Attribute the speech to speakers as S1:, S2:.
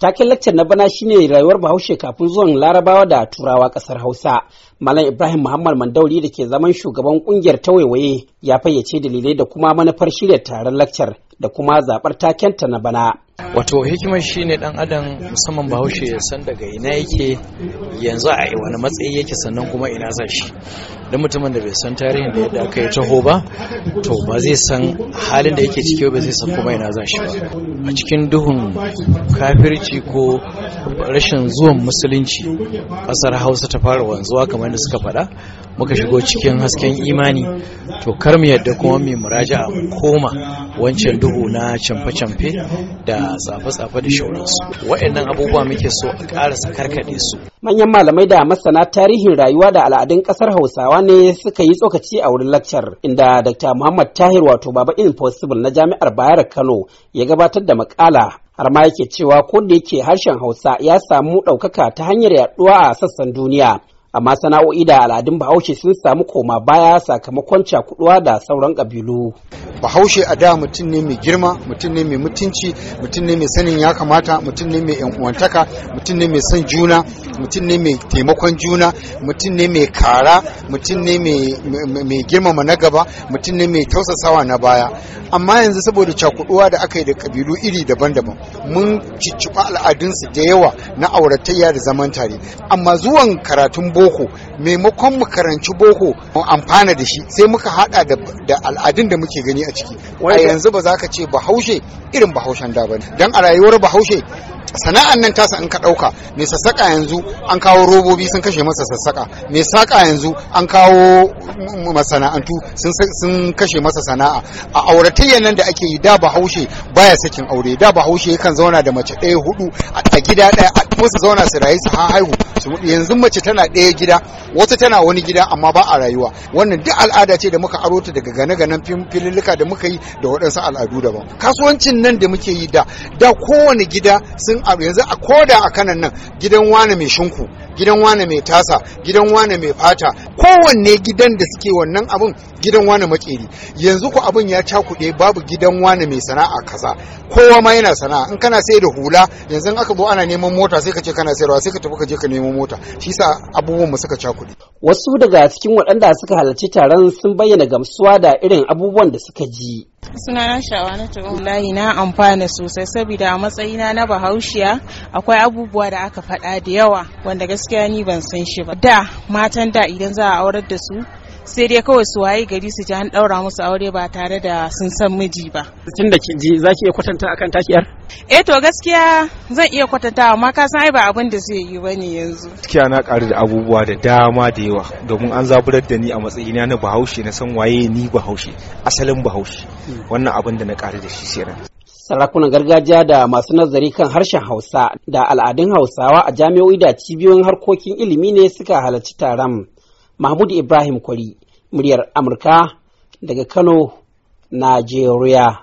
S1: Taken laccar na bana shine rayuwar Bahaushe kafin zuwan Larabawa da Turawa kasar Hausa. Malam Ibrahim Muhammad Mandauri da ke zaman shugaban kungiyar waiwaye ya fayyace dalilai da kuma manufar shirya taron laccar da kuma zaɓar takenta na bana.
S2: wato hikimar shi ne dan adam musamman bahaushe ya san daga ina yake yanzu a wani matsayi yake sannan kuma ina za shi don mutumin da bai san tarihin da yadda aka yi taho ba to ba zai san halin da yake ciki ba zai san kuma ina za shi ba a cikin duhun kafirci ko rashin zuwan musulunci kasar hausa ta fara wanzuwa kamar da suka faɗa muka shigo cikin hasken imani to kar mu yadda kuma mu muraja a koma wancan duhu na camfe-camfe da tsafe-tsafe da shauransu waɗannan abubuwa muke so a ƙarasa karkaɗe su
S1: manyan malamai da masana tarihin rayuwa da al'adun ƙasar hausawa ne suka yi tsokaci a wurin lakcar inda dr muhammad tahir wato baba impossible na jami'ar bayar kano ya gabatar da makala har ma yake cewa ko yake harshen hausa ya samu ɗaukaka ta hanyar yaɗuwa a sassan duniya amma sana'o'i da al'adun bahaushe sun samu koma baya sakamakon cakuduwa da sauran kabilu
S3: bahaushe a da mutum ne mai girma mutum ne mai mutunci mutum ne mai sanin ya kamata mutum ne mai yan uwantaka mutum ne mai son juna mutum ne mai taimakon juna mutum ne mai kara mutum ne mai girmama na gaba mutum ne mai tausasawa na baya amma yanzu saboda cakuduwa da aka yi da kabilu iri daban-daban mun cicciɓa al'adunsu da yawa na auratayya da zaman tare amma zuwan karatun boko maimakon mu karanci boko mu amfana da shi sai muka hada da al'adun da muke gani a ciki a yanzu ba za ka ce bahaushe irin bahaushen da ne dan a rayuwar bahaushe sana'an nan tasa in ka ɗauka mai sassaƙa yanzu an kawo robobi sun kashe masa sassaƙa mai saƙa yanzu an kawo masana'antu sun kashe masa sana'a a auratayyar nan da ake yi da bahaushe baya sakin aure da bahaushe kan zauna da mace ɗaya hudu a gida ɗaya a su zauna su rayu su haihu su mutu yanzu mace tana ɗaya gida wata tana wani gida amma ba a rayuwa wannan duk al'ada ce da muka aro ta daga gane-ganen filillika da muka yi da waɗansu al'adu daban kasuwancin nan da muke yi da da kowane gida sun abu yanzu a koda a kanan nan gidan wani mai shinku gidan wane mai tasa gidan wane mai fata kowanne gidan da suke wannan abun gidan wane makeri yanzu ku abun ya cakuɗe babu gidan wane mai sana'a kasa kowa ma yana sana'a in kana sai da hula yanzu aka zo ana neman mota sai ka ce kana sayarwa sai ka tafi ka je ka neman mota shi sa abubuwan mu suka cakuɗe
S1: wasu daga cikin waɗanda suka halarci taron sun bayyana gamsuwa da irin abubuwan da suka ji
S4: na shawanatu wallahi na amfana sosai saboda a matsayina na bahaushiya akwai abubuwa da aka faɗa da yawa wanda gaskiya gaskiya ni ban san shi ba da matan da idan za a aurar da su sai dai kawai su waye gari su ji an daura musu aure ba tare da sun san miji ba
S1: tun da ki ji zaki iya kwatanta akan takiyar
S4: eh to gaskiya zan iya kwatanta amma ka san ai ba abin da zai yi bane yanzu
S3: gaskiya na ƙaru da abubuwa da dama da yawa domin an zaburar da ni a matsayi na bahaushe na san waye ni bahaushe asalin bahaushe hmm. wannan abin da na ƙaru da shi kenan
S1: sarakunan gargajiya da masu nazari kan harshen hausa da al'adun hausawa a jami'o'i da cibiyoyin harkokin ilimi ne suka halarci taron mahmud ibrahim kwari muryar amurka daga kano najeriya